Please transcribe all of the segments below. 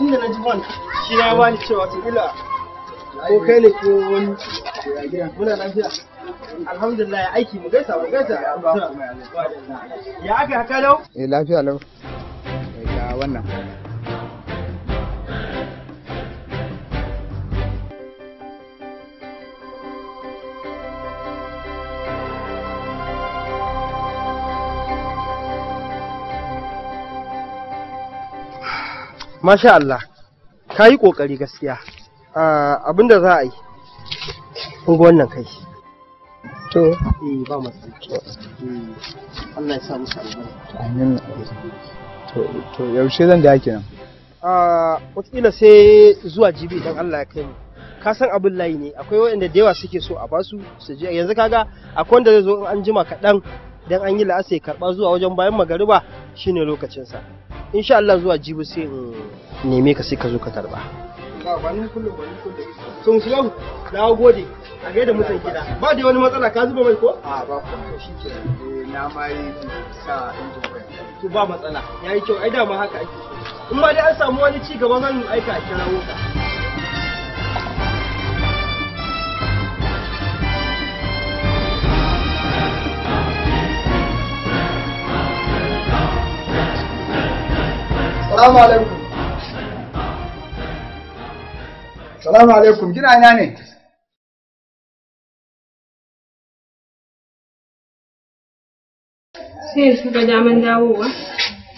tun da na ji ban shi na bani cewa su ila ko kai ne ko wani muna lafiya alhamdulillah aiki mu gaisa mu gaisa ya aka haka lau eh lafiya lau eh, ga wannan masha Allah ka yi ƙoƙari gaskiya abin za a yi kun wannan kai to eh, ba hmm. Allah ya sa to yaushe zan da kenan nan? wakila sai zuwa jibi idan Allah ya kai mu ka san abin layi ne akwai waɗanda da yawa suke so a basu su je yanzu kaga akwai wanda zai zo in an jima kaɗan dan an yi la'asa ya karɓa zuwa wajen bayan magariba shine lokacin lokacinsa insha Allah zuwa jibi sai in neme ka sai ka zo ka tarba banin kullum banin kullum sun sulau na gode a gaida mutan gida ba da wani matsala ka zuba mai ko a ba ko shi ke eh, na mai sa injin kai to ba matsala yayi kyau ai da ma haka ake in ma dai an samu wani ci gaba zan aika a kirawo ka Salamu alaikum. Salamu alaikum, gina ina ne? Sai su ga daman dawowa.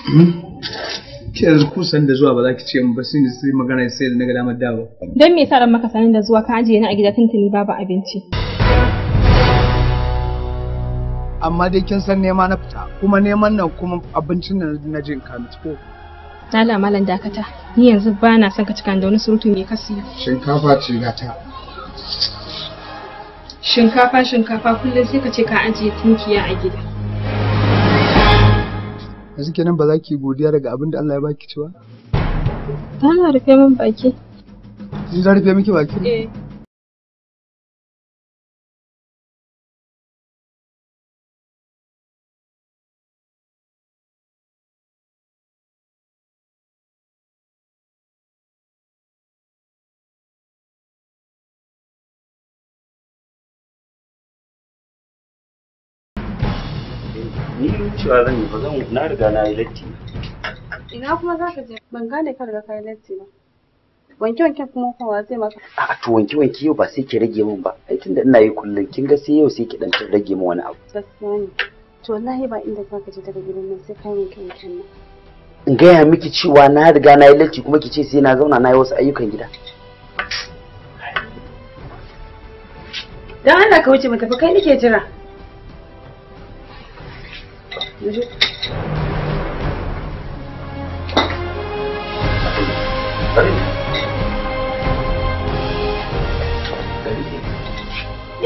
Hmm? Ke yanzu ku san da zuwa ba za ki ce ba sai yi magana sai na ga damar dawo. Don me yasa maka sanin da zuwa ka ajiye ni a gida tuntuni babu abinci? Amma dai kin san neman na fita kuma neman nan kuma abincin nan na jin ka ko. Lala malam dakata, ni yanzu ba na son ka cika da wani surutu mai kasi. Shinkafa ce ta. Shinkafa shinkafa kullum sai ka ce ka ajiye tunkiya a gida. Yanzu kenan ba za ki godiya daga abin da Allah ya baki ci ba? Ba na rufe min baki. Ni za rufe miki baki? Eh. cewa zan yi ba zan na riga na yi latti ina kuma za ka je ban gane ka riga ka yi latti ba wanke wanke kuma kowa zai maka a to wanke wanke yau ba sai ki rage min ba ai tunda ina yi kullum kin ga sai yau sai ki dan rage min wani abu gaskiya ne to wallahi ba inda za ka je daga gidan nan sai ka wanke wanke nan in gaya miki cewa na riga na yi latti kuma ki ce sai na zauna na yi wasu ayyukan gida dan Allah ka wuce mata tafi kai nake jira ya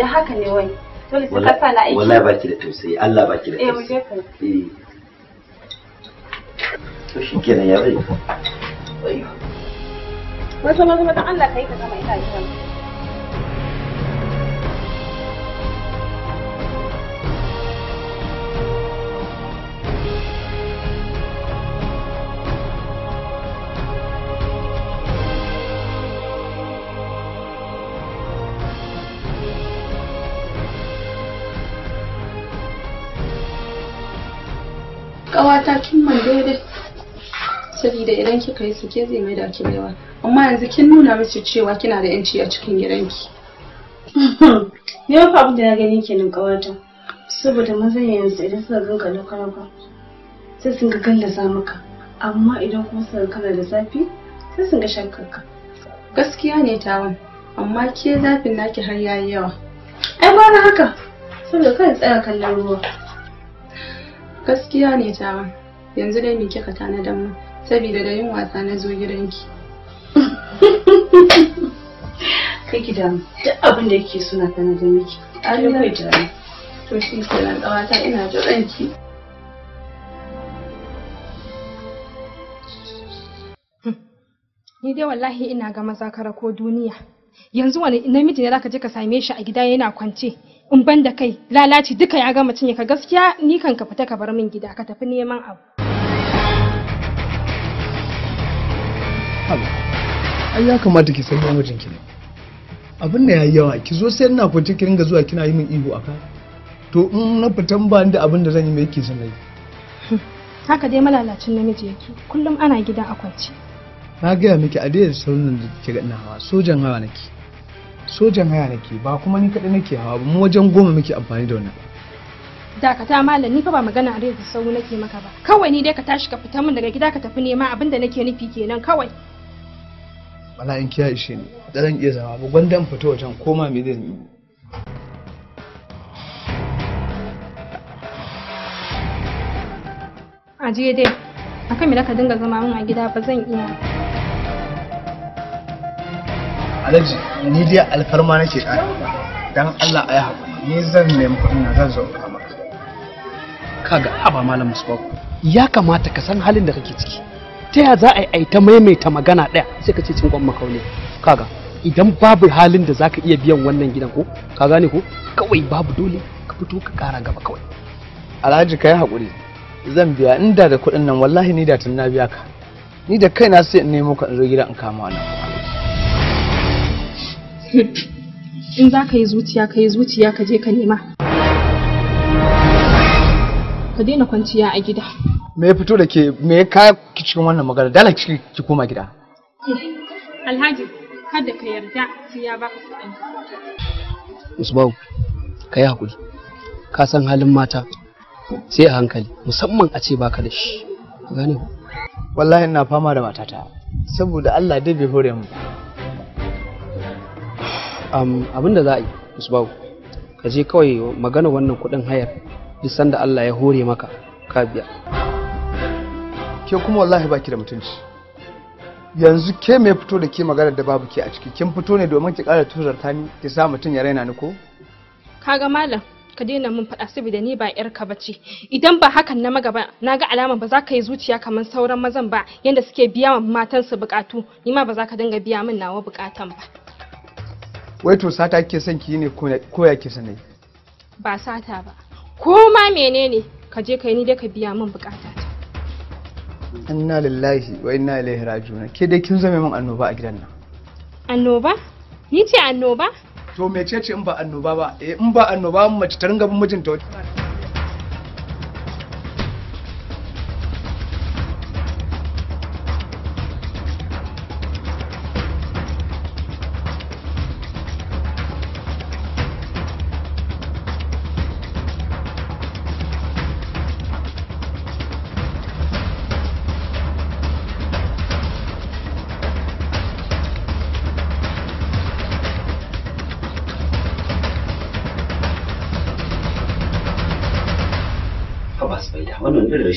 haka ne wai dole sai ka sa na aiki wallahi baki da tausayi Allah baki da tausayi eh mu je ka eh to shi kenan ya bai wai wata mazama dan Allah kai ka gama ita ita kawata kin man daidai saboda idan kika yi suke ke zai mai da ki baiwa amma yanzu kin nuna mace cewa kina da yanci a cikin gidanki ne fa abin da na gani kenan kawata saboda maza yanzu idan suka ka na ka sai sun ga sa maka amma idan kuma suka kana da zafi sai sun ga shakkarka gaskiya ne tawon amma ke zafin naki har yayi yawa ai ba haka saboda kai tsaya kallon ruwa gaskiya ne tawa yanzu dai me kika tanadan mu saboda da yin wasa na zo gidanki kai ki damu duk abin da kike suna tanadan miki an kai tare to shi kenan ƙawata ina jiran ki ni dai wallahi ina ga maza ko duniya yanzu wani namiji ne zaka je ka same shi a gida yana kwance in ban da kai lalaci duka ya gama cinye ka gaskiya ni kan ka fita ka bar min gida ka tafi neman abu ai ya kamata ki san mamajin ki ne abin da yayi yawa ki zo sai ina fice ki ringa zuwa kina yi min ihu aka to in na fitan ba da abin da zan yi mai ki zan yi haka dai malalacin namiji yake kullum ana gida a kwance na gaya miki a da sauran da kike ga ina hawa sojan hawa nake sojan haya nake ba kuma ni kaɗai nake hawa mu wajen goma muke amfani da wannan dakata malam ni fa ba magana a rage sau nake maka ba kawai ni dai ka tashi ka fita min daga gida ka tafi nema abin da nake nufi kenan kawai bala in kiya ishe ni da zan iya zama ba gwandan fita wajen koma me zai yi ajiye dai akan me da ka dinga zama min a gida ba zan iya alaji ni dai alfarma nake ƙara dan Allah a ya ni zan nemi kuɗin na zan zo a maka kaga haba malam musbaku ya kamata ka san halin da kake ciki ta ya za a yi ta maimaita magana ɗaya sai ka ce cin gwamma kaune kaga idan babu halin da zaka iya biyan wannan gidan ko ka gane ko kawai babu dole ka fito ka ƙara gaba kawai alhaji kai haƙuri zan biya inda da kuɗin nan wallahi ni da tun na biya ka ni da kaina sai in nemo ka in zo gidan in kama wannan in za ka yi zuciya ka yi zuciya ka je ka nema ka daina kwanciya a gida me ya fito da ke me ya ka cikin wannan magana dala ki ki koma gida alhaji kada ka yarda sai ya baka kuɗin usbau ka yi hakuri ka san halin mata sai a hankali musamman a ce baka da shi gane wallahi ina fama da matata saboda Allah dai bai hore mu abin da za a yi musbahu ka je kawai magana wannan kudin hayar duk sanda Allah ya hore maka ka biya ke kuma wallahi baki da mutunci yanzu ke mai fito da ke magana da babu ke a ciki kin fito ne domin ki ƙara tuzarta ni ki sa mutum ya raina ni ko kaga malam ka daina min faɗa saboda ni ba yarka ba ce idan ba hakan na magaba na ga alama ba za ka yi zuciya kamar sauran mazan ba yadda suke biya wa matansu bukatu ni ma ba za ka dinga biya min nawa bukatan ba wai to sata ke son ki ne ko ya ke sanai ba sata ba ko ma menene ka je kai ni dai ka biya min bukata ta inna lillahi wa inna ilaihi raji'un ke dai kin zame min annoba a gidan nan annoba ni ce annoba to mecece in ba annoba ba Eh in ba annoba mace ta ringa bin mijinta wata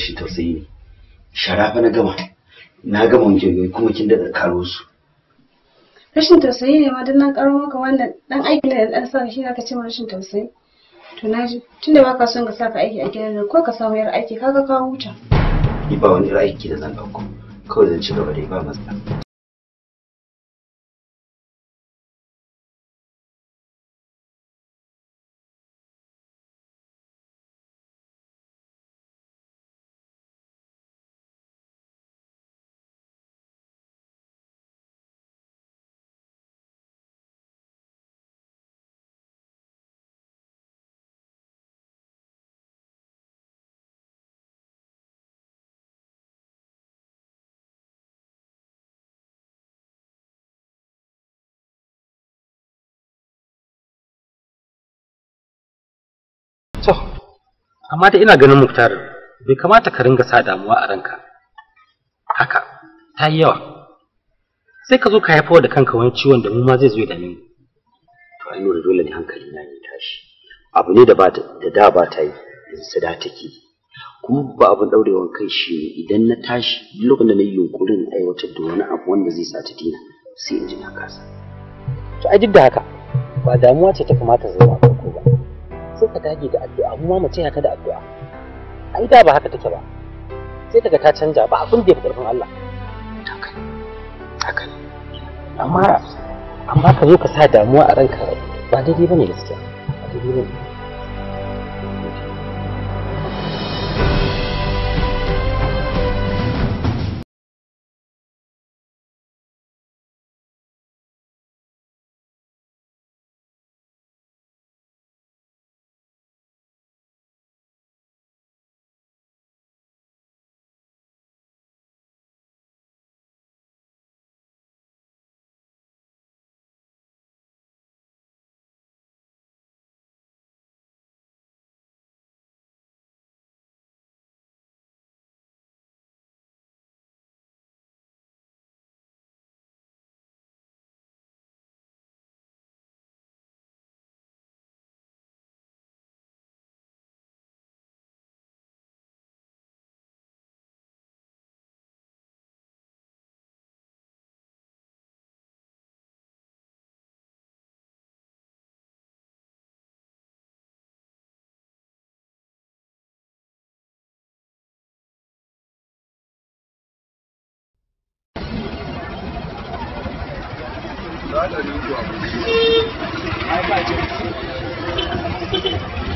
rashin tausayi ne sharafa na gama na gama wanke kuma kin daɗa karo su rashin tausayi ne ma don na karo maka wannan dan aiki ne da dan sa shi zaka ce rashin tausayi to na ji, tunda baka son ka saka aiki a gidan ko ka samu yar aiki kaga ka huta ni ba wani aiki da zan dauko kawai zan ci gaba da ba matsala amma da ina ganin muktar bai kamata ka ringa sa damuwa a ranka haka ta yi yawa sai ka zo ka haifar da kanka wani ciwon da mu ma zai zo da ni. to ai dole ne hankali na ya tashi abu ne da ba da da ba ta yi in sada take kuma ba abin daurewan kai shi ne idan na tashi lokacin da na yi yunkurin aiwatar da wani abu wanda zai sa ta dina sai in ji na kasa to a duk da haka ba damuwa ce ta kamata zai ba sai ka dage da addu'a mu ma mu taya ka da addu'a ai da ba haka take ba sai kaga ta canja ba abin da ya karfin Allah haka ne amma amma ka zo ka sa damuwa a ranka ba daidai bane gaskiya ba daidai bane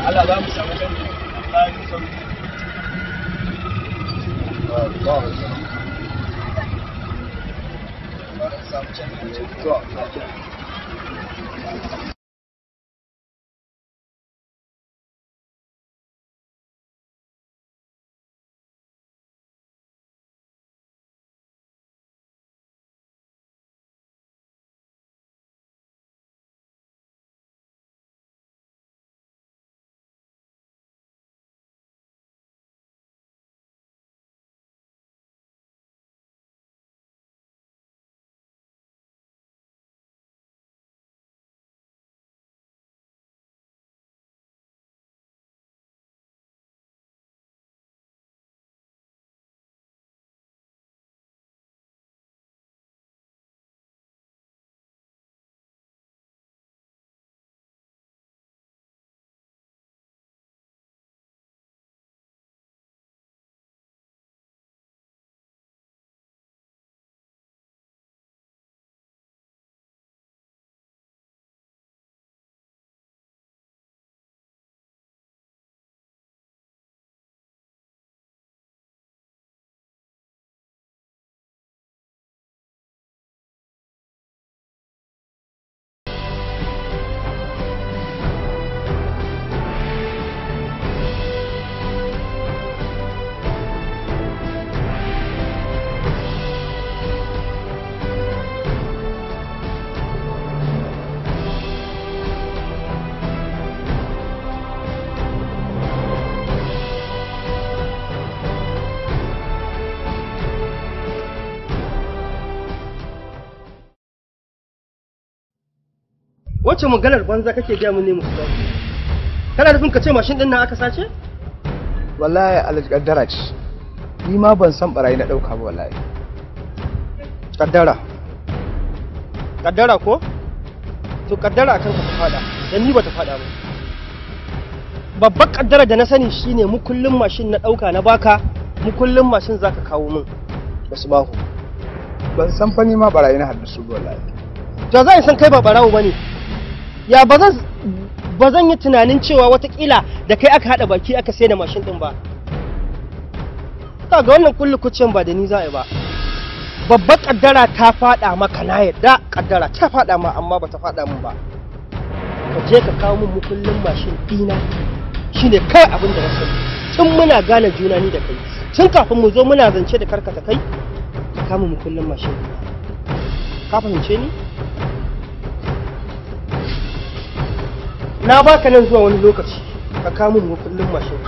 Allah za mu samu sauki bayan sauki Thank you. wace maganar banza kake gaya mini ne kana nufin ka ce mashin din nan aka sace wallahi alhaji kaddara ce ni ma ban san barayi na dauka ba wallahi kaddara kaddara ko to kaddara kan ka fada dan ni ta fada ba babbar kaddara da na sani shine mu kullum mashin na dauka na baka mu kullum mashin zaka kawo min wasu bahu ban san fa ni ma barayi na hadisu ba wallahi to zai san kai ba barawo bane ya ba zan yi tunanin cewa watakila da kai aka haɗa baki aka sai da mashin ɗin ba ga wannan kullum ba da ni za a yi ba babbar kaddara ta fada maka na yadda kaddara ta fada ma amma ba ta fada min ba ka je ka kawo min mukullin mashin dina shine kai abin da nasu tun muna gane juna ni da kai tun kafin mu zo muna zance da karkata kai ka kama mukullin mashin ka fahimce ni na baka nan zuwa wani lokaci ka mu makullin mashin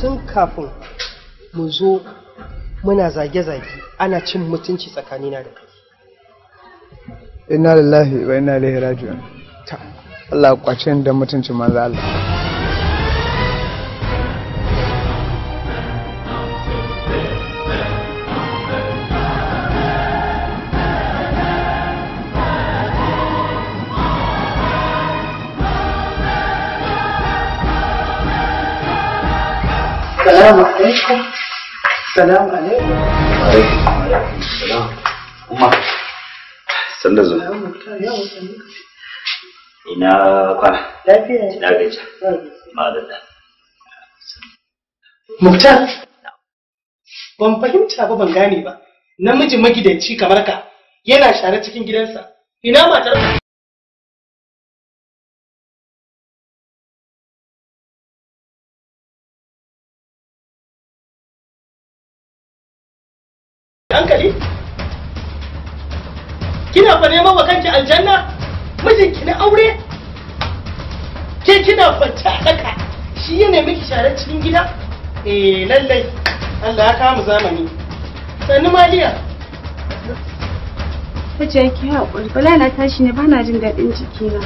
tun kafin mu zo muna zage-zage ana cin mutunci tsakanina da kai inna lillahi wa inna ilaihi raji'un Allah kwacin da mutuncin manzo Allah السلام عليكم السلام عليكم وعليكم وعليكم ina kwana muktar ban fahimta ba ban gane ba namiji magidanci kamar ka yana share cikin gidansa ina matarka hankali kina fa neman wa kanki aljanna mijinki na aure ke kina kwance a shi ya nemi ki share cikin gida eh lallai Allah ya kama zamani sannu maliya Hajiya ki haƙuri, bala na tashi ne bana jin daɗin jikina.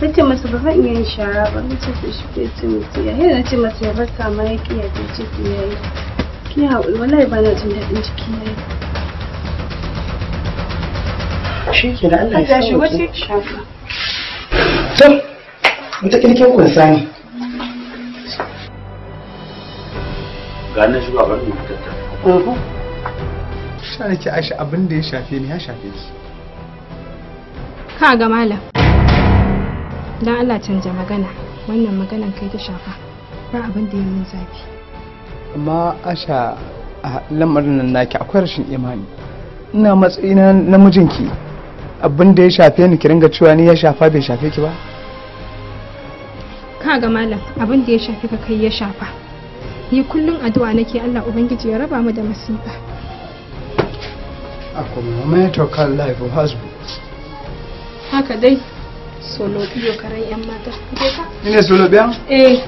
Sace masa ba zan iya yin shara ba, na ce shi ke cin mutu ya na ce masa ya bar kama ya ƙi ya ya yi. Ki haƙuri wallahi ba na jin daɗin jiki na yau. Shi ke da Allah ya sa wuce. Tom, wata ƙirƙin kunsa ne. Gane nan shi ba bari mu tattara. da. sa nake aisha abin da ya shafe ni ya shafe ki ka ga malam dan Allah canja magana wannan maganan kai ta shafa ba abin da ya min zafi amma asha a lamarin nan naki akwai rashin imani ina matsayina na mijinki abin da ya shafe ni kiringa cewa ni ya shafa bai shafe ki ba ka ga malam abin da ya shafe ka kai ya shafa ni kullum addu'a nake Allah ubangiji ya raba mu da masifa akwai mama ya kan life of husband haka dai solo biyo karan yan mata ina solo biya eh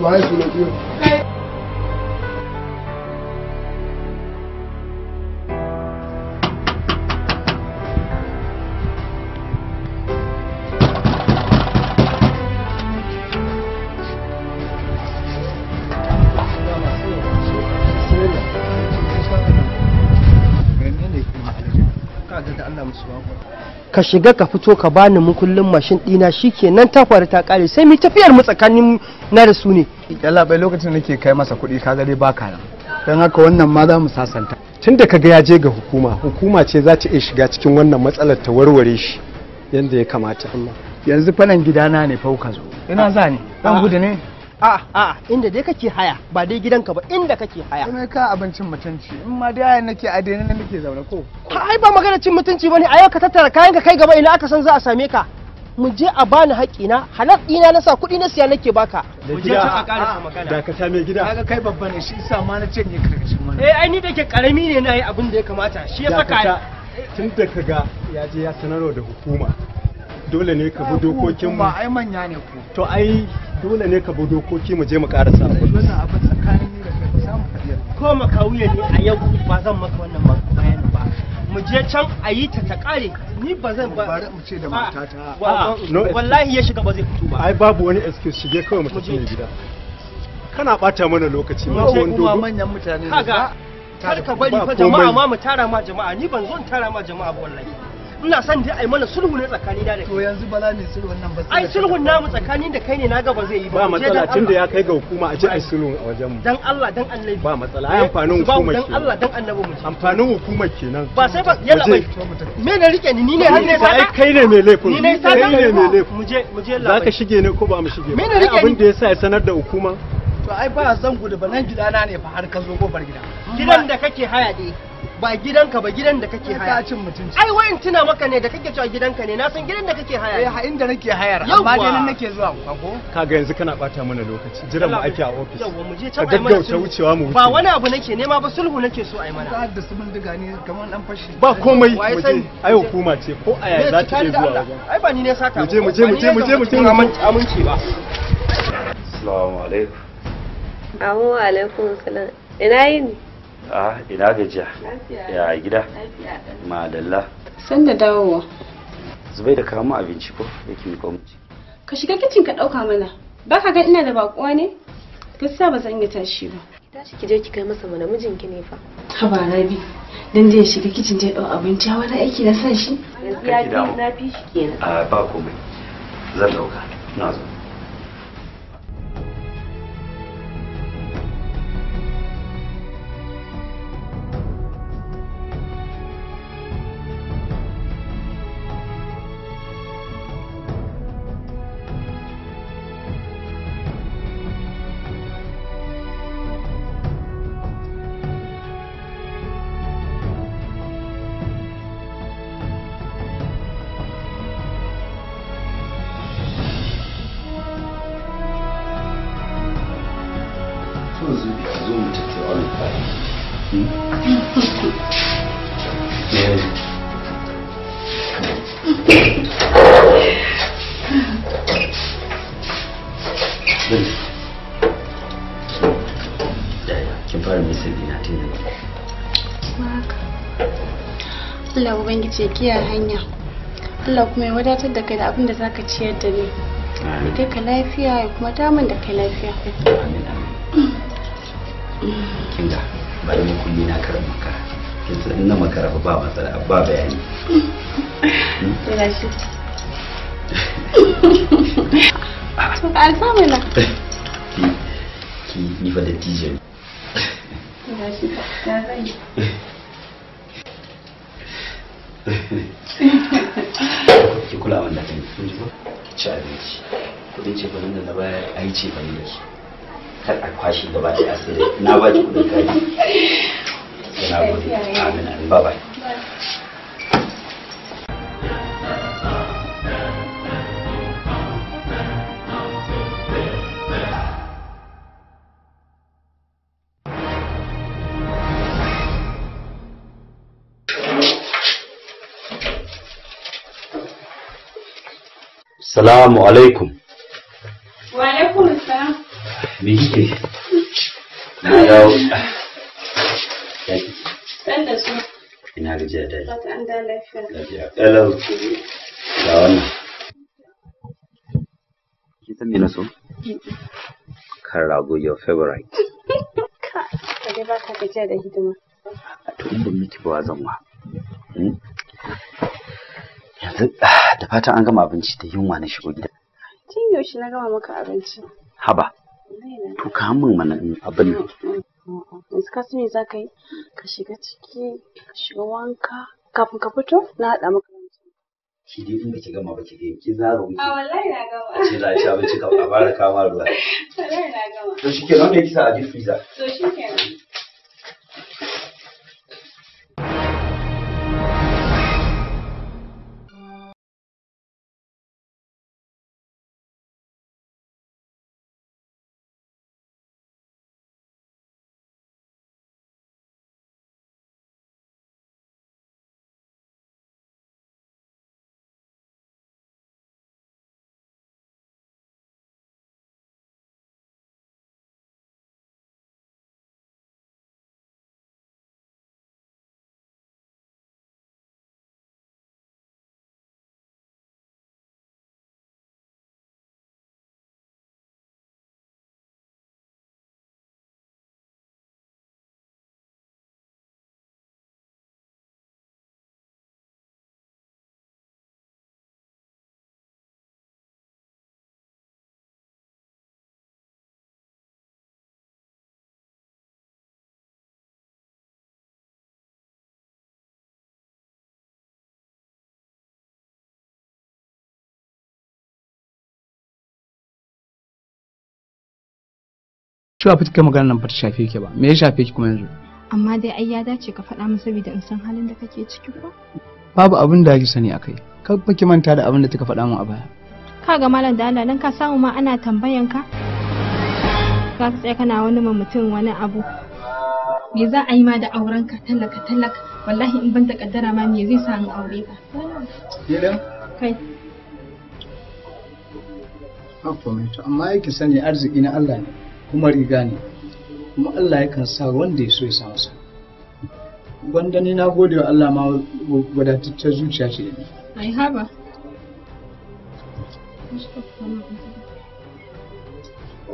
Why is it not you? ka shiga ka fito ka bani mu kullum mashin dina shikenan ta faru ta kare sai mu tafiyar mu tsakanin na da su ne yalla bai lokacin da nake kai masa kuɗi ka gare baka nan don haka wannan ma za mu sasanta tunda da kaga ya je ga hukuma hukuma ce za ta iya shiga cikin wannan matsalar ta warware shi yadda ya kamata yanzu fanan gidana ne ka zo ina za ne dan gudu ne a a inda dai kake haya ba dai gidanka ba inda kake haya kuma ka abincin mutunci in ma dai haya nake a daina nake zaune ko ai ba magana cin mutunci bane a yau ka tattara kayan ka kai gaba ina aka san za a same ka mu je a bani na halal ɗina na sa kuɗi na siya nake baka mu je ta a ƙara magana da ka same gida kaga kai babba ne shi yasa ma na ce ne karkashin wani eh ai ni da ke karami ne na yi abin da ya kamata shi ya saka tun da kaga ya je ya sanarwa da hukuma dole ne ka bi dokokin mu ai manya ne ku to ai dole ne ka bi dokoki mu je mu karasa wannan abin tsakanin ni da kai samu kadiyar ko makawuye ne a yau ba zan maka wannan bayani ba mu je can a yi ta ta kare ni ba zan ba bari mu ce da ah, matata wallahi ya shiga ba zai fito ba ai babu wani excuse shige kawai mu tafi gida kana bata mana lokaci ma wannan dogo manyan mutane ne kaga kar ka bari fa jama'a ma mu tara ma jama'a ni ban zo tara ma jama'a ba wallahi ina son dai ai mana sulhu ne tsakani da to yanzu bala ne sulhu nan ba ai sulhu na mu tsakani da kai ne ga ba zai yi ba ba matsala tunda ya kai ga hukuma a ji ai sulhu a wajen mu dan Allah dan Annabi ba matsala ai eh, amfanin hukuma dan Allah dan Annabi mu amfanin hukuma kenan ba sai ba yalla bai me ne rike ni ni ne har ne sai kai ne mai laifin ni ne sai ne mai laifin mu je mu je Allah zaka shige ne ko ba mu shige me ne rike abin da yasa ya sanar da hukuma to ai ba zango da banan gidana ne fa har ka zo gobar gida gidan da kake haya dai ba gidanka ba gidan da kake haya. Ka cin mutunci. Ai tuna maka ne da kake cewa gidanka ne na san gidan da kake haya. Eh inda nake hayar amma dai nan nake zuwa kago. Kaga yanzu kana bata mana lokaci. Jiran mu ake a office. yawa mu je ai mana. wucewa mu. Ba wani abu nake nema ba sulhu nake so ai mana. da su mun diga ne kamar dan fashi. Ba komai. Ai hukuma ce ko aya za ta zuwa Ai ba ni ne saka. Mu je mu je mu je mu ba. Assalamu alaikum. alaikum salam. Ina a ina gajiya ya gida madalla san da dawowa zubai da kawo abinci ko yake mi kawo ka shiga kicin ka dauka mana ba ka ga ina da bakuwa ne gaskiya ba zan yi tashi ba tashi ki je ki kai masa mana mijinki ne fa ha ba rabi dan je shiga kicin je dau abinci wani aiki na san shi ya ji na fi shi kenan a ba komai zan dauka na zo ce kiyar hanya Allah kuma ya wadatar da kai da abin da za ka ciyar da ni ya kai ka lafiya ya kuma damun da kai lafiya kinga bari mu kulli na karin makara kinsa na makara ba matsala ba bayani gashi to ka alfamila ki ni fa da tijen gashi ka zai ki kula wanda kan kun ji ba ki ci abinci kudin ce fa da na baya ai ce da ne kar a kwashi gaba da asiri na ba ki kudin kaji yana gode amin amin bye bye salamu alaikum wa alaikum salam me na dawo dan da su ina gajiya da ta an da lafiya lafiya ga rago your favorite ka da hidima to yanzu da fatan an gama abinci da yunwa na shigo gida tun yaushe na gama maka abinci haba to ka min mana abin nan yanzu ka sani za ka yi ka shiga ciki ka shiga wanka kafin ka fito na haɗa maka shi dai in ki gama ba ki ga ki zaro miki a wallahi na gama ce za a ci abinci ka fara kama ruwa wallahi na gama to shikenan ne sa a ji freezer to shikenan cewa fitar kai magana nan ba ta shafe ki ba me ya shafe ki kuma yanzu amma dai ai ya dace ka faɗa min saboda in san halin da kake ciki ko babu abin da ya sani akai ka ba ki manta da abin da kika faɗa min a baya ka ga malam da Allah dan ka samu ma ana tambayan ka ka tsaya kana wani ma mutum wani abu me za a yi ma da auren ka tallaka tallaka wallahi in ban da kaddara ma me zai sa aure ka kai to amma yake sani arziki na Allah ne. kuma riga ne kuma Allah yakan sa wanda ya so ya samu sa wanda ni na gode wa Allah ma wadataccen zuciya ce da ni ai haba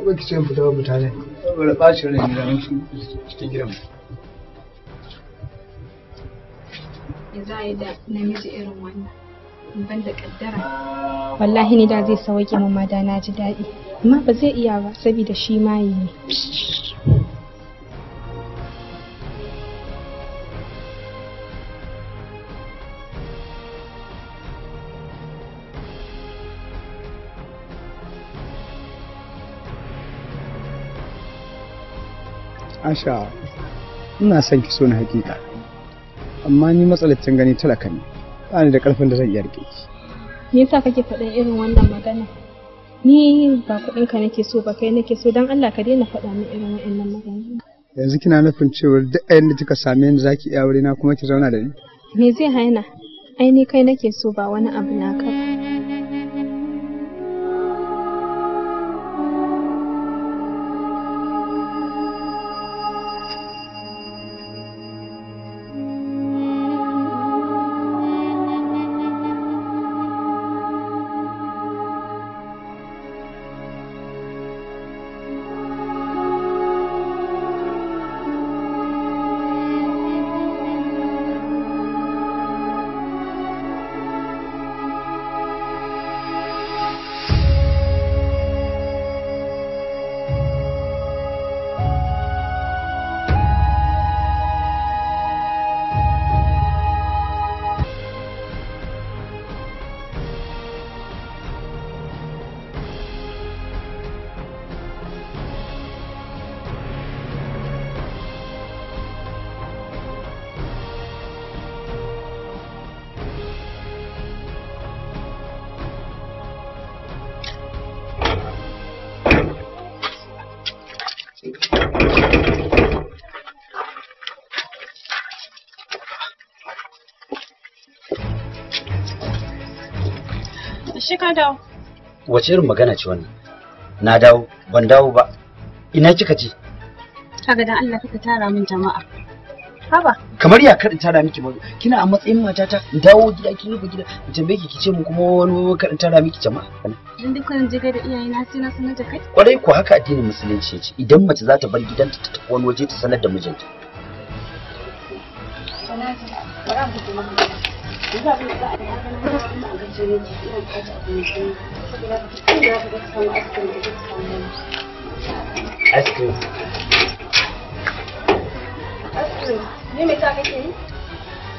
ba ki ce fita ba tare saboda bacin rai da mun cikin gidan ya za yi da namiji irin wannan ban da kaddara wallahi ni da zai sauke mamma da na ji daɗi amma ba zai iya ba saboda shi maye ne Asha, ina son ki so na hakika, amma ni matsalacin gani talaka ne, ba ni da ƙarfin da zai iya rike ki. Me yasa kake faɗin irin wannan magana? ni ba kuɗin ka nake so ba kai nake so dan Allah ka daina faɗa min irin wa'annan magana yanzu kina nufin cewa duk ayin da kika same ni zaki iya aure na kuma ki zauna da ni me zai haina ai ni kai nake so ba wani abu na ka shi ka dawo wace irin magana ce wannan na dawo ban dawo ba ina kika ji kaga dan Allah kika tara min jama'a haba kamar ya karin tara miki ba kina a matsayin matata in dawo gida kin rufe gida in tambaye ki kice mu kuma wani karin tara miki jama'a dan dukkan ga da iyaye na sai na sanar da kai kwarai ku haka addinin musulunci ce idan mace za ta bar gidanta ta tafi wani waje ta sanar da mijinta ice cream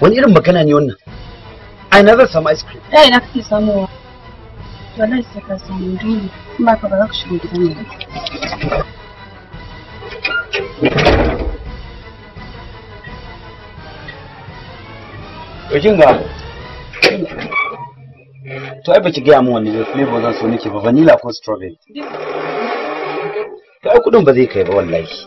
wani irin magana ne wannan ai na zan samu ice cream ta eh, ina kake samuwa wallahi sai ka samu dole kuma ka ba za ka shigo gidan ne ga to ai baki gaya min wani ba zan so nake ba vanilla ko strawberry Kai kuɗin kudin ba zai kai ba wallahi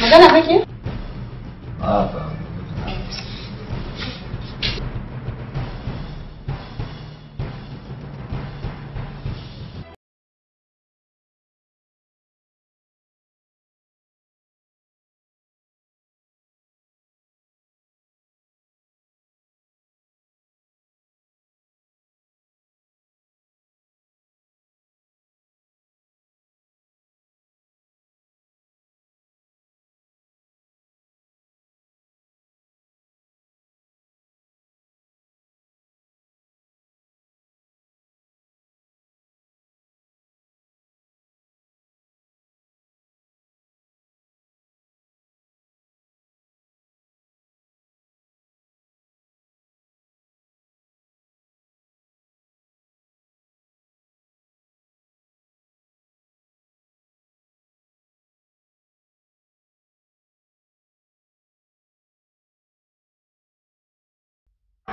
magana kake? a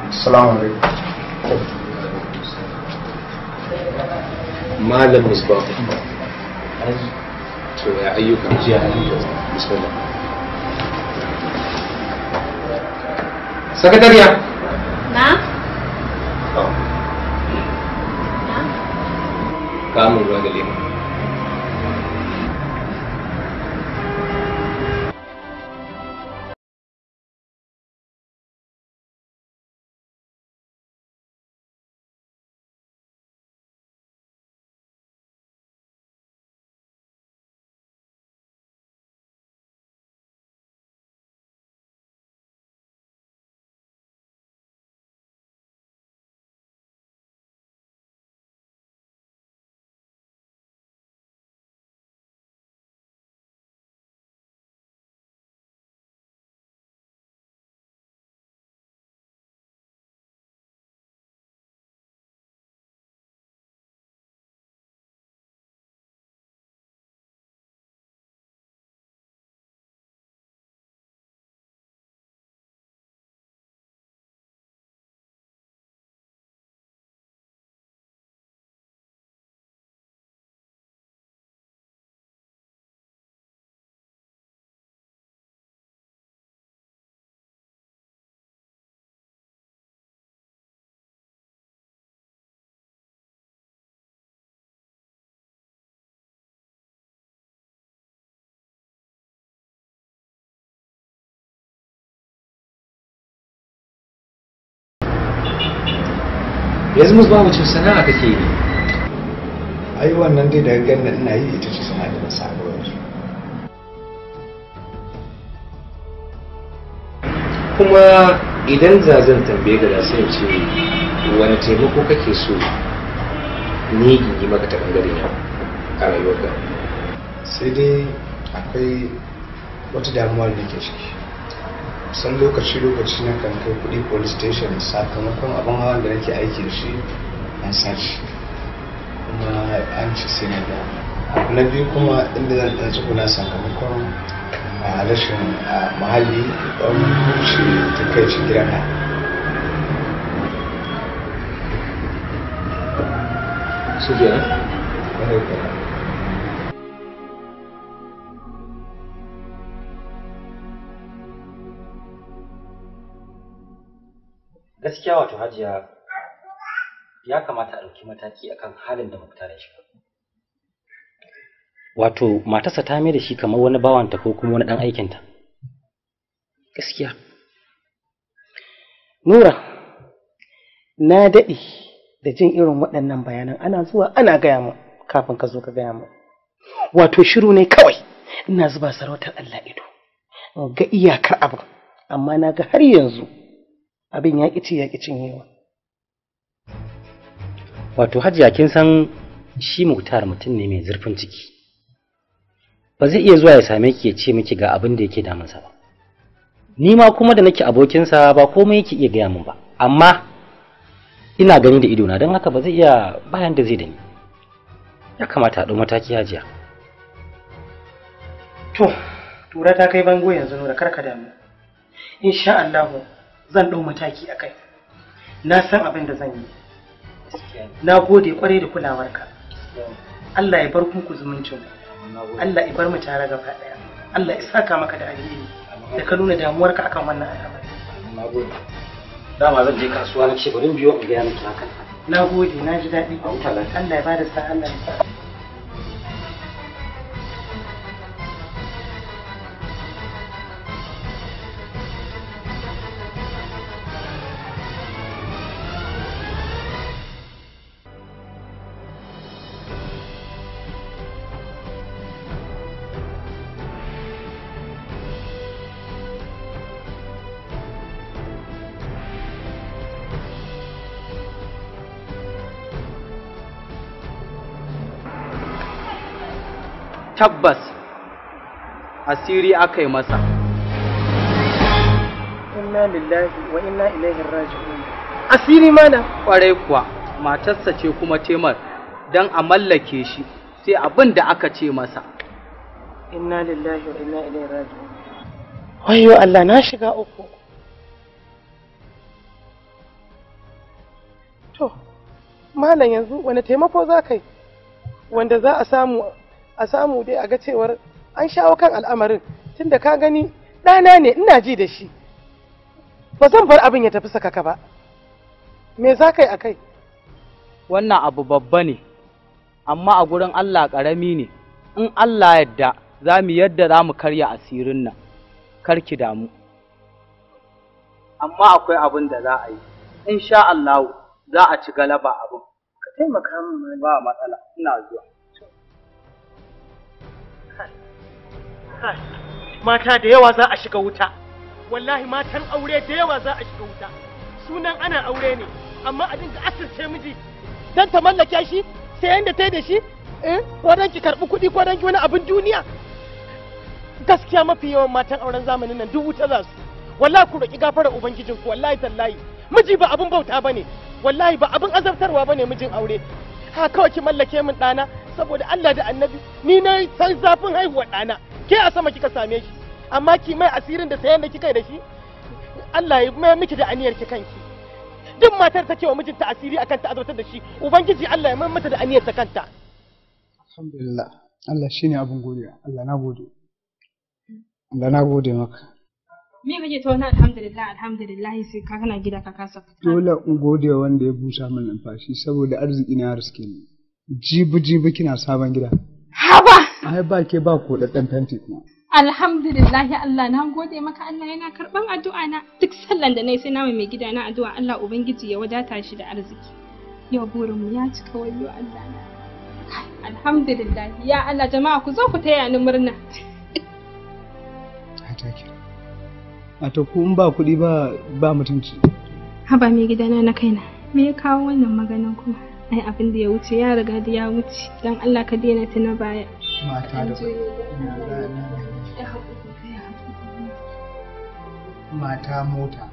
assalamu alaikum malam to ya ayyuka ya bismillah sakatariya na oh. kamun ruwa yanzu musu zama cin sana'a kake yi ai wannan dai daga ganin ina yi ita ce sana'a da masu kuma idan zazan tambaye ga da sai ce wani taimako kake so ni in yi maka ta bangare na a rayuwarka sai dai akwai wata damuwa da ke ciki san lokaci lokaci na kan kai kuɗi police station sakamakon abin hawan da nake aiki da shi an sace kuma an ci sai na abu na biyu kuma inda zan ɗan na sakamakon a rashin muhalli don wuce ta kai ci gidana su gaskiya wato hajiya ya kamata a ɗauki mataki akan halin da muktar da shi. wato matarsa ta mai da shi kamar wani bawanta ko kuma wani ɗan aikinta gaskiya nura na daɗe da jin irin waɗannan bayanan ana zuwa ana gaya mu kafin ka zo ka gaya mu wato shiru ne kawai ina zuba sarautar allah ido ga iyakar abu amma na ga har yanzu abin ya ƙi ya ƙi cinyewa wato hajiya kin san shi muktar mutum ne mai zurfin ciki ba zai iya zuwa ya same ki ya ce miki ga abin da yake damunsa ba ni ma kuma da nake abokinsa ba komai yake iya gaya min ba amma ina gani da idona don haka ba zai iya bayan da zai da ni ya kamata a ɗau mataki hajiya to tura ta kai bango yanzu da karka damu In sha Allah zan ɗau mataki a kai na san abin da zan yi na gode kwarai da kulawarka Allah ya bar ku zumuncin Allah ya bar mu tare gaba ɗaya Allah ya saka maka da alheri da ka nuna damuwarka akan wannan al'amari na gode dama zan je kasuwa na ce bari biyo in ga miki hakan na gode na ji daɗi Allah ya bada sa'a Allah ya sa tabbas asiri aka yi masa inna lillahi wa inna ilaihi raji'un asiri mana kwarai kuwa matarsa ce kuma temar don a mallake shi sai abin da aka ce masa inna lillahi wa inna ilaihi raji'un wayo Allah na shiga uku to malam yanzu wani taimako za ka yi wanda za a samu a samu dai a ga cewar an shawo kan al'amarin tunda ka gani ɗana ne ina ji da shi ba zan bar abin ya tafi sakaka ba me za ka yi a kai wannan abu babba ne amma a gurin allah ƙarami ne in allah yadda za mu yadda za mu karya asirin nan karki damu amma akwai abin da za a yi in sha Allah za a ci galaba abin ka taimaka min ba matsala ina zuwa mata da yawa za a shiga wuta wallahi matan aure da yawa za a shiga wuta sunan ana aure ne amma a dinga asirce miji dan ta mallake shi sai yanda ta da shi eh, ko dan ki karbi kuɗi ko dan ki wani abin duniya gaskiya mafi yawan matan auren zamanin nan duk wuta za su wallahi ku roki gafara ubangijin ku wallahi tallahi miji ba abin bauta bane wallahi ba abin azabtarwa bane mijin aure ha kawai ki mallake min dana saboda Allah da annabi ni na san zafin haihuwar dana. ke a sama kika same shi amma ki mai asirin da sayan da kika yi da shi Allah ya mai miki da aniyar ki kanki duk matar ta wa mijinta asiri akan ta azabtar da shi ubangiji Allah ya mai mata da aniyar ta kanta alhamdulillah Allah shine abin godiya Allah na gode Allah na gode maka me kake ta wani alhamdulillah alhamdulillah sai ka kana gida ka kasa dole in gode wanda ya busa min numfashi saboda arziki na riske ni Jibu-jibu kina sabon gida haba ai ba ke ba ko ɗaɗɗan fenti kuma alhamdulillah Allah na gode maka Allah yana karɓan addu'a na duk sallan da nayi sai na mai gida na addu'a Allah ubangiji ya wadata shi da arziki yau mu ya cika wayo Allah na alhamdulillah ya Allah jama'a ku zo ku taya ni murna wato ku in ba kuɗi ba ba mutunci haba mai gidana na kaina me ya kawo wannan maganin kuma ai abin da ya wuce ya riga da ya wuce dan Allah ka daina tuna baya mata da mata mota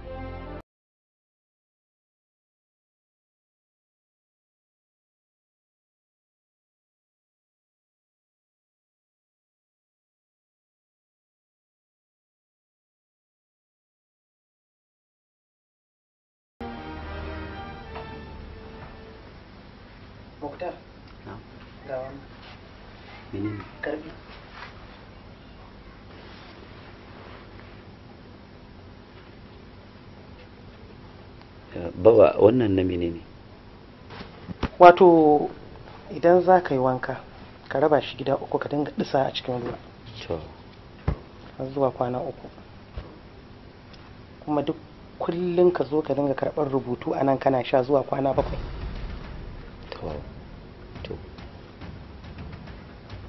baba wannan na menene wato idan za ka yi wanka ka raba shi gida uku ka dinga disa a cikin ruwa har zuwa kwana uku kuma duk kullum ka zo ka dinga karɓar rubutu a nan kana sha zuwa kwana bakwai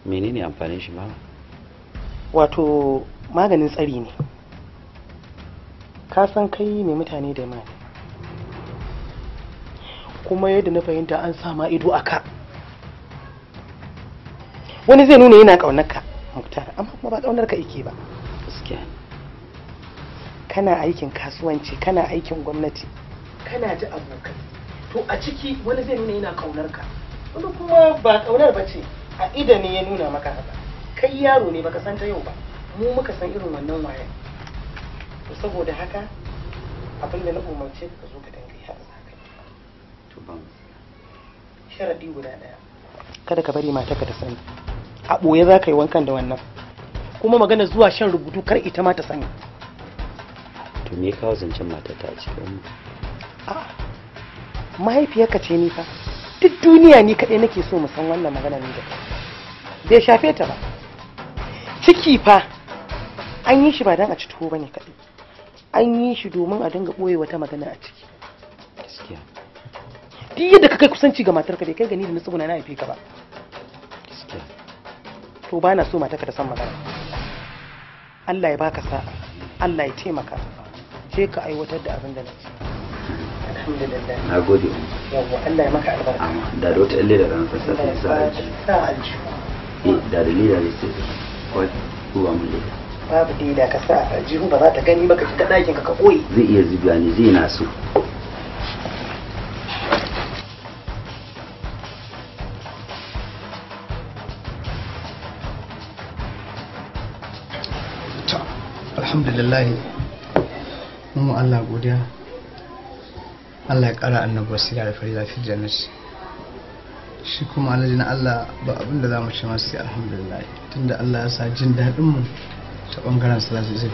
menene amfanin shi mama wato maganin tsari ne ka san kai mai mutane da mai kuma yadda na fahimta an sa ma ido a ka wani zai nuna yana kaunar ka muktar amma kuma ba kaunar ka yake ba kana aikin kasuwanci kana aikin gwamnati kana ji abokai to a ciki wani zai nuna yana kaunar ka wani kuma ba ƙaunar ba ce a ida ne ya nuna maka haka kai yaro ne baka san ta yau ba mu muka san irin wannan wayan to saboda haka abin da na umarce ka zo ka dinga yi haka to ban sharadi guda daya kada ka bari matarka ta sani a ɓoye za ka yi wankan da wannan kuma magana zuwa shan rubutu kar ita ma ta sani to me kawo zancen mata a cikin mahaifiyarka ce ni fa duk duniya ni kaɗai nake so mu san wannan magana ne da kai bai shafe ta ba ciki fa an yi shi ba don a ci tuwo bane kaɗai an yi shi domin a dinga ɓoye wata magana a ciki gaskiya duk yadda ka kai kusanci ga matarka bai kai gani da nutsu na haife ka ba gaskiya to ba na so ka ta san magana Allah ya baka sa'a Allah ya taimaka je ka aiwatar da abin da na ci. alhamdulillah na gode yawa Allah ya maka albarka da wata ille da ran fasa sa'a sa'a da dalila da ce kwai ruwa mun leda babu leda ka sa a jihu ba za ta gani ba ka ta ɗakin ka ka koyi zai iya zubiya ne zai na so alhamdulillah mu Allah godiya Allah ya kara annabi wasila da fari lafi jannati shi kuma na na Allah ba abin da za mu ce masu sai alhamdulillah tunda Allah ya sa jin daɗin mu ta bangaren salatu zai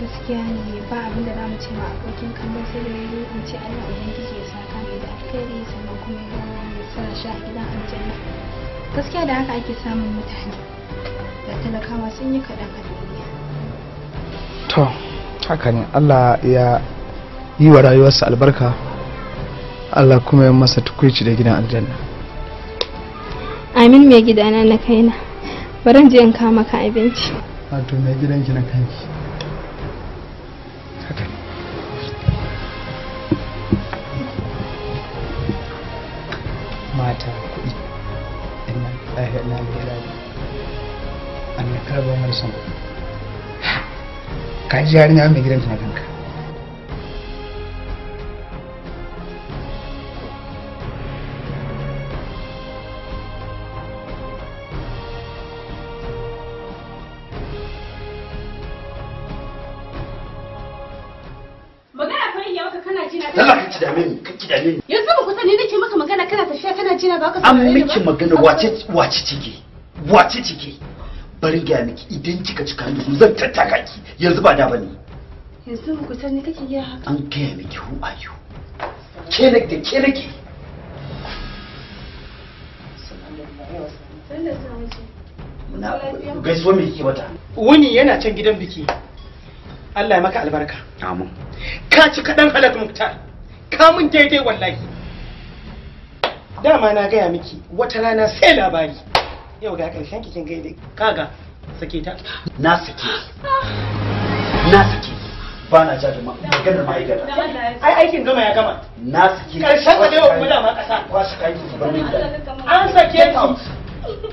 gaskiya ne ba abin da za mu ce ma abokin kamar sai da yi in ce Allah ubangiji ya saka mai da alkhairi sannan kuma ya sa shi a gidan aljanna gaskiya da haka ake samun mutane da talakawa sun yi kaɗan a duniya to haka ne Allah ya yi wa rayuwarsa albarka Allah kuma ya masa tukuici da gidan aljanna amin mai gidana na kaina baran je in kawo maka abinci wato mai gidanki na kanki mata kuɗi Ina tsaye na lillahi an karba mar son ka ji yarinya mai gidanki na kanka ki magana wace wace ciki wace ciki bari ga miki idan kika cika hannu zan tattaka ki yanzu ba da bane yanzu ku san ni kake yi haka an gaya miki who are you ke ne da ke nake na gaisuwa me kike wuni yana can gidan biki Allah ya maka albarka amin ka ci kadan halat muktar ka mun daidai wallahi dama na gaya miki wata rana sai labari yau ga karshen kikin gaida kaga sake ta na sake na sake ba na ja da maganar ma'aikata ai aikin gama ya gama na sake karshen da wa kuma dama kasa ba shi kai ki bar gida an sake ki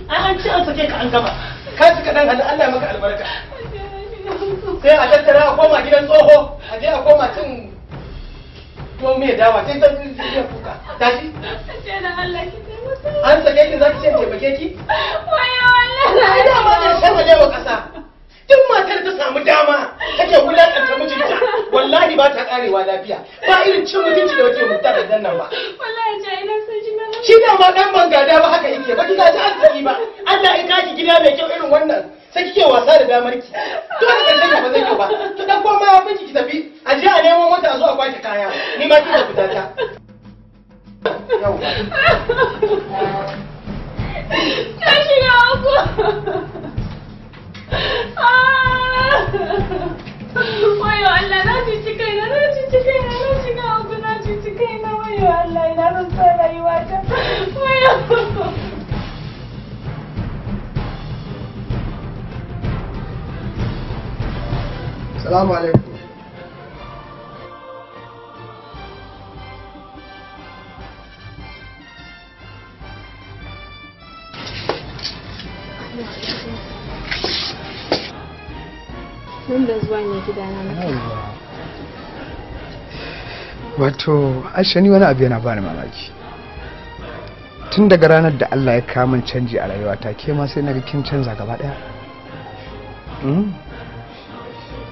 an ci an sake ka an gama ka ci kadan hada Allah ya maka albarka sai a tattara a koma gidan tsoho a je a koma cin tuwon mai dawa sai ta zuciya kuka tashi an sake ki za ki ce taimake ki waya wallahi na da ma da shan shagale wa kasa duk matar ta samu dama take wulakanta mijinta wallahi ba ta karewa lafiya ba irin cin mutunci da wake mutta da nan ba wallahi ja ina san ji na shi da ma dan bangada ba haka yake ba ki kika ji an ba Allah ya kaki gida mai kyau irin wannan sai kike wasa da damar ki to da kake ba zai kyau ba to dan koma ya miki ki tafi a je a nemo mota a zo a kwace kaya ni ma kike fita ta na shiga uku ah. wayo Allah na na na shiga na wayo Allah ina rayuwa ta wayo السلام عليكم Mun da zuwa wani abu yana bani mamaki. Tun daga ranar da Allah ya kamun canji a rayuwata, ke ma sai naga kin canza gaba ɗaya. Hmm?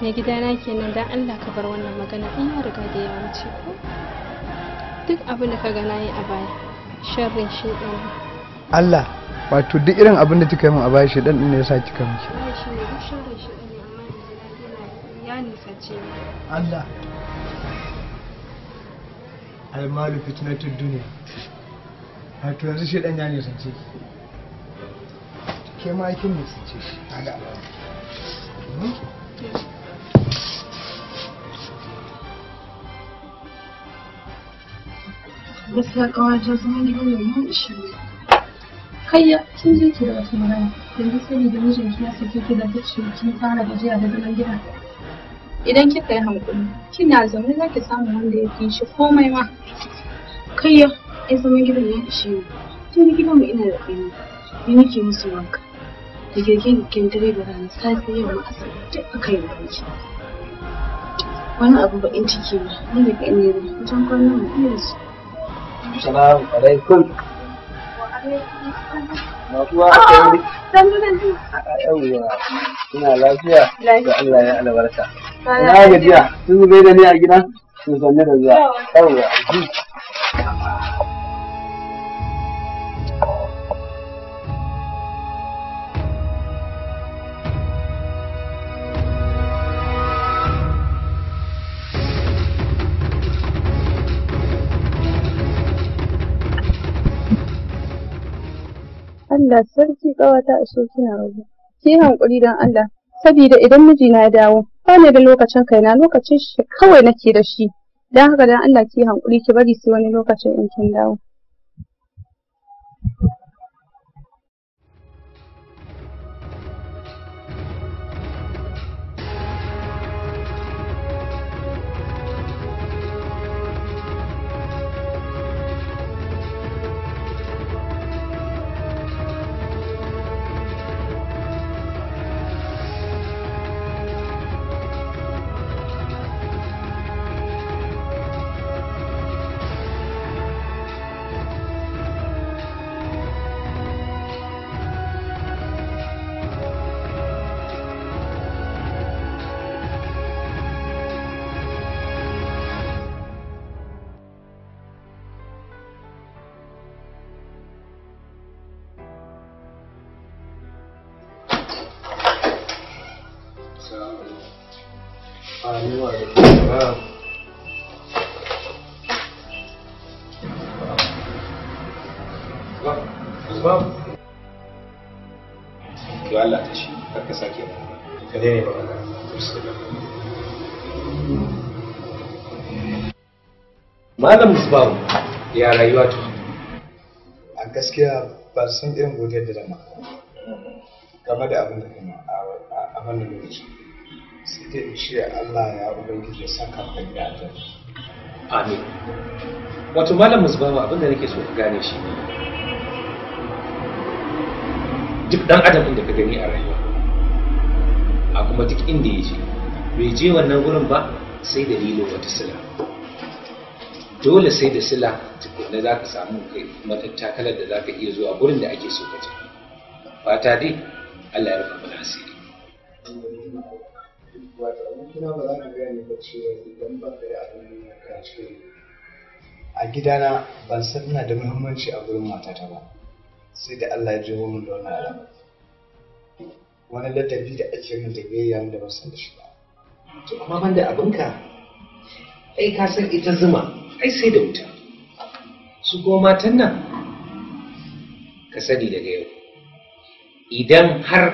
ne gidana kenan dan Allah ka bar wannan magana in ya riga da ya wuce duk abin da ka ga nayi a baya sharrin shi ɗan Allah wato duk irin abin da kika yi min a baya shi ɗan ne ya sa kika miki Allah almalu fitnatul duniya wato yanzu shi ɗan ya nisance ke ma kin nisance shi Allah hmm? Thank you. gaskiya kawata kin je ki da da da gida idan kika yi hankali kina zaune ki samu wanda ya fi shi komai ma kayya ai e, zaman gidan ya ishe ni tun gidan mu ina da kaina ni nake musu wanka da keke kin dare da rana safe yamma asabar duk akai da kanki wani abu bakin ciki ne ni da kaina ne wajen kwanan mu iya su Salamu alaikum. Oh, a Yawwa, ina lafiya ga Allah ya albarka. Ina gajiya, sun zube da ni a gida, sun sanye da zuwa. Yawwa, Allah sarki kawata a so kina waje ki hankuri dan Allah saboda idan mijina ya dawo ba ne da lokacin kaina lokacin shi kawai nake da shi dan haka dan Allah ki hankuri ki bari sai wani lokacin in kin dawo malam musbahu ya rayuwa ta a gaskiya ba san irin godiyar da zama game da abin da kuma a wannan lokaci sai dai in ce Allah ya ubangiji ya saka ka gida ta amin wato malam musbahu abin da nake so ka gane shi duk dan adam da ka gani a rayuwa a kuma duk inda ya je bai je wannan gurin ba sai dalilin wata sila dole sai da sila tukunna za ka samu kai matattakalar da za ka iya zuwa gurin da ake so ka ba fata dai Allah ya rufe mana asiri a gidana ban san ina da muhimmanci a gurin matata ba sai da Allah ya jiho mun da wani alama wani ladabi da ake min da biyayya da ban san da shi ba to kuma ban da abinka ai ka san ita zuma ai sai da wuta su kuma matan nan ka sani daga yau idan har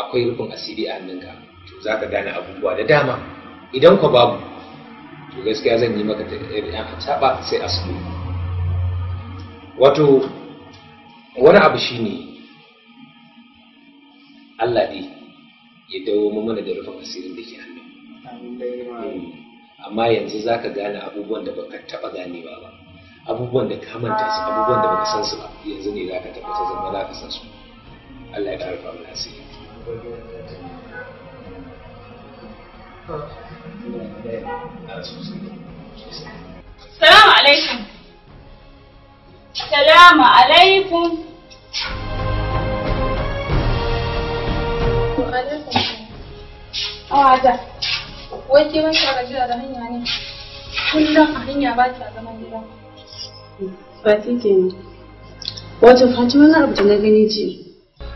akwai rufin asiri a hannunka to za ka gane abubuwa da dama idan ka babu to gaskiya zan yi maka da a taɓa sai asibi wato wani abu shi ne Allah ne ya dawo mana da rufin asirin da ke hannu. amma yanzu za ka gane abubuwan da baka taɓa ganewa ba abubuwan da ka manta su abubuwan da baka san su ba yanzu ne za ka tabbata zama za ka san su Allah ya karfa mu nasiri Salamu alaikum. Salamu alaikum. Awata. wai ke ba ka gajiya da hanya ne kullum a hanya ba ta zama zaman gida fati kenan wato fati wani abu da na gani ji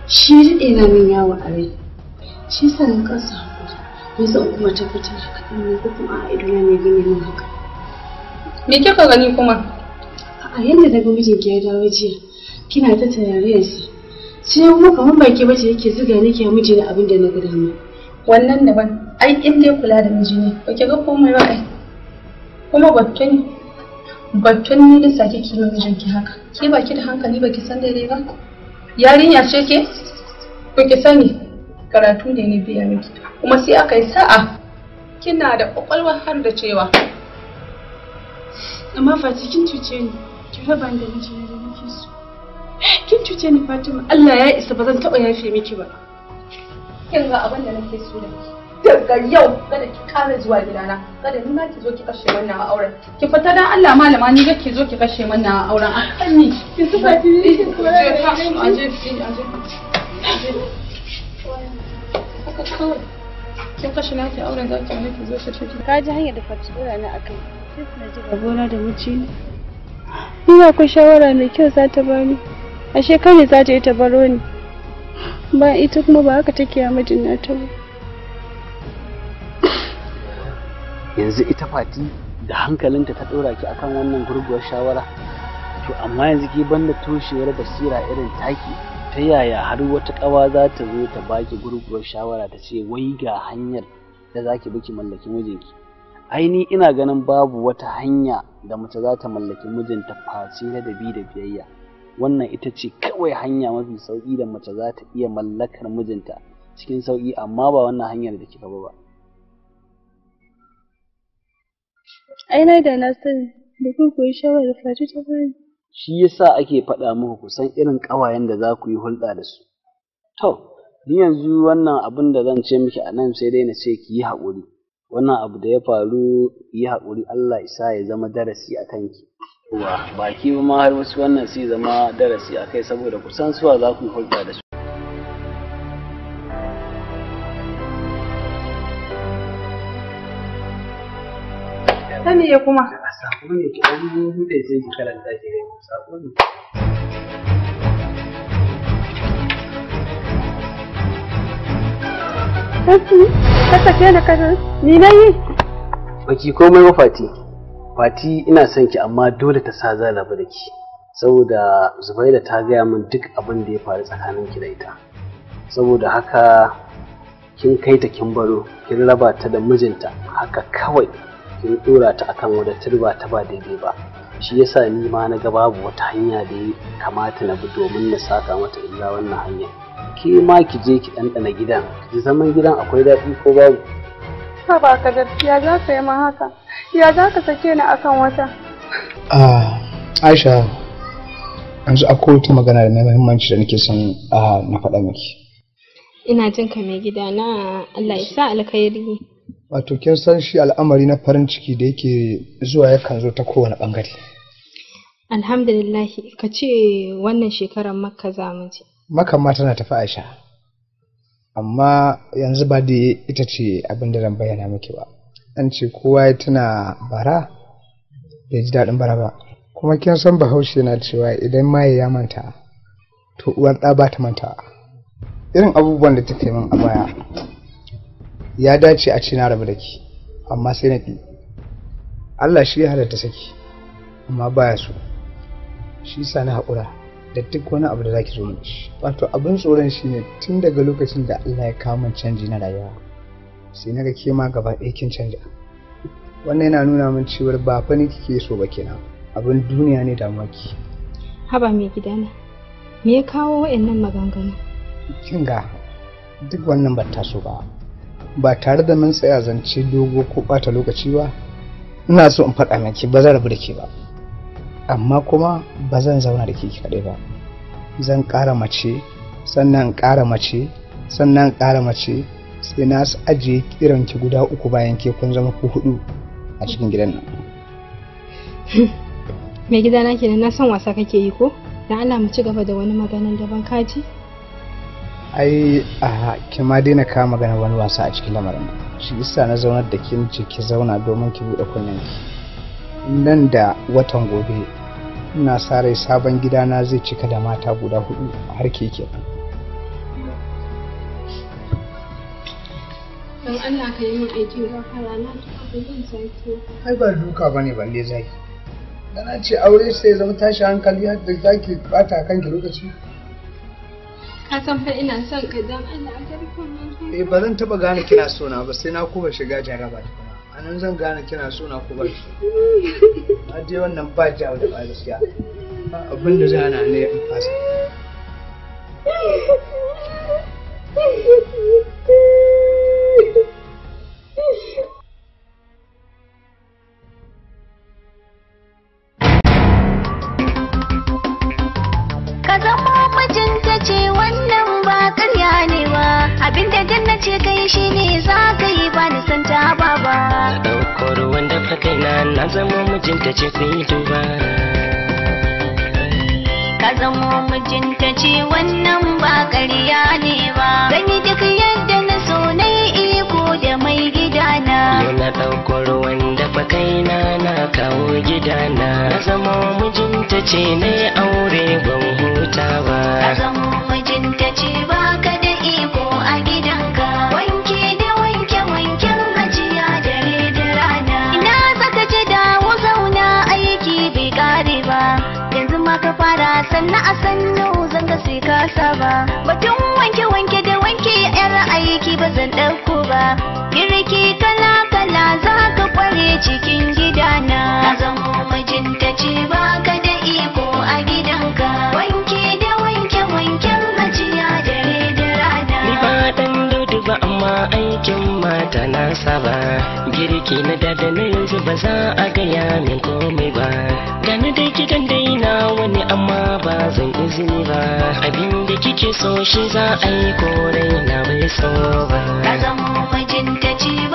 shi daɗe na min yawo a rai shi sa na kasa hakuri na san kuma tabbatar da kaɗan ne ko kuma a idona ne gani min haka me kika gani kuma a yadda daga mijinki ya dawo jiya kina ta tarayyarsa sai kuma kamar baki bace yake zuga nake miji na abin da na gudana wannan daban ai in dai kula da miji ne ba ki ga komai ba ai kuma batun batun ne da sake ki ma ki haka ke ba ki da hankali ba ki san daidai ba yarinya ce ke ba ki sani karatu ne ne biya miki kuma sai aka yi sa'a kina da kwakwalwa har da cewa amma fati kin cuce ni ki ban da miji ne da nake so kin cuce ni Fatima Allah ya isa ba zan taba yafe miki ba kin ga abin da nake so da ki ga yau kada ki kara zuwa gidana kada ni ma ki zo ki kashe wannan auren ki fita dan Allah malama ni ga ki zo ki kashe wannan auren akan ni ki fati ni ki aje aje kin kashe naki auren ki ki zo ki ka ji hanyar da fatu dora na akan sai na ji gabona da muci ina ku shawara mai kyau za ta bani ashe kai ne za ta yi ta baro ni ba ita kuma ba haka take ya mijin na ta ba yanzu ita fati da hankalinta ta ɗora ki akan wannan gurguwar shawara to amma yanzu ki banda toshewar basira irin taki ta yaya har wata ƙawa za ta zo ta baki gurguwar shawara ta ce wai ga hanyar da za ki biki mallaki mijinki aini ina ganin babu wata hanya da mace za ta mallaki mijinta face na dabi da biyayya wannan ita ce kawai hanya mafi sauƙi da mace za ta iya mallakar mijinta cikin sauƙi amma ba wannan hanyar da kika ba ba ai na da na sani da kun koyi shawarar fatu ta bani shi yasa ake faɗa muku kusan irin ƙawayen da za ku yi hulɗa da su to ni yanzu wannan abin da zan ce miki a nan sai dai na ce ki yi haƙuri wannan abu da ya faru yi haƙuri Allah isa ya zama darasi a kanki baki ma har wasu wannan sai zama darasi a kai saboda kusan suwa za ku hulɗa da su ne kuma? Sako ne ki ɗan zai karanta sako ne. Baki komai ba Fati. Fati ina son ki amma dole ta sa za rabu da ki. Saboda Zubaida ta gaya min duk abin da ya faru tsakanin ki da ita. Saboda haka kin kai ta kin baro, kin raba ta da mijinta haka kawai ya dora ta akan wata turba ta ba daidai ba shi yasa ni ma na ga babu wata hanya da ya kamata na bi domin na saka mata illa wannan hanya ke ma ki je ki ɗanɗana gidan ki zaman gidan akwai daɗi ko babu ka ba ka gaskiya za ka yi ma haka ya za ka sake ni akan wata ah aisha yanzu akwai wata magana da na muhimmanci da nake son ah, na faɗa miki ina jin ka mai gida na Allah ya sa alkhairi wato kin san shi al'amari na farin ciki da yake zuwa yakan zo ta kowane bangare alhamdulillah ka ce wannan shekarar makka za mu je makka ma tana tafi aisha amma yanzu ba da ita ce abin da zan bayyana miki ba an ce kowa ya tuna bara bai ji daɗin bara ba kuma kin san bahaushe na cewa idan maye ya manta to uwar ɗa ba ta mantawa irin abubuwan da take min a baya ya dace a ce na rabu da ke amma sai na ƙi Allah shi ya halatta saki amma baya so shi sa na haƙura da duk wani abu da za ki zo da shi wato abin tsoron shi ne tun daga lokacin da Allah ya kawo min canji na rayuwa sai na ga ke ma gaba ɗaya kin canja wannan yana nuna min cewar ba fa ni kike so ba kenan abin duniya ne damuwa ki haba mai gidana me ya kawo wa'annan maganganu kin ga duk wannan ba ta so ba ba tare da mun tsaya zance dogo ko bata lokaci ba ina so in faɗa miki ba zan rabu da ke ba amma kuma ba zan zauna da ke kaɗai ba zan ƙara mace sannan ƙara mace sannan ƙara mace sai na su ajiye kiran ki guda uku bayan ke kun zama ku hudu a cikin gidan nan mai gidana kenan na san wasa kake yi ko dan Allah mu ci gaba da wani maganin daban kaji ai a ki ma daina kawo magana wani wasa a cikin lamarin shi isa na zaunar da kin ce ki zauna domin ki buɗe kunnen ki nan da watan gobe ina sa rai sabon gidana zai cika da mata guda hudu har ke ke don Allah ka yi na ai ba duka bane balle zaki dana ce aure sai zama tashi hankali har da zaki bata kanki lokaci ka san fa ina son ka dan Allah ka rufe mun eh ba zan taba gane kina suna ba sai na kuma shiga jaraba a nan zan gane kina sona ko ba a je wannan ba jawo da ba gaskiya abin da zai hana ne in fasa Ka zama jin ta ce wannan ba karya ne ba abinda janna ce kai shi ne za ka yi ba ni san ta ba ba ɗauko ruwan da kaina na zama mijinta ce ku yi duba ka zama mijinta ce wannan ba karya ne ba gani duk yadda na so na yi iko da mai gida gidana Yana ɗauko ruwan dafa na kawo gidana Na zama mijinta ce ne aure ban huta ba a zama mijinta ce ba ka da iko a gidanka Wanke da wanke wanken ajiya dare da rana Ina saka ce da zauna aiki bai kare ba Yanzu ma ka fara sannan a sannu zanga sai ka saba Batun wanke wanke da wanke 'yar aiki bazan zan ba girki kala kala za ka kware cikin gidana zan mijinta ce ba ka kuma aikin mata na saba girki na dada na yanzu ba za a gaya min komai ba gani dai gidan dai na wani amma ba zan izini ba abin da kike so shi za a yi korai na mai so ba ka zama mijinta ce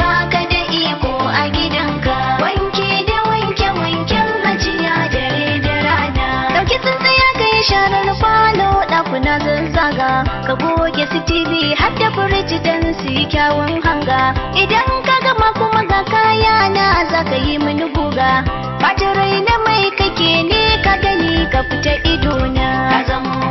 sharar falo ɗakuna zan zanzaga ka goge su tv har da firiji don su yi kyawun hanga idan ka gama kuma ga kaya na za ka yi mini guga batirai na mai kake ne ka gani ka fita ido na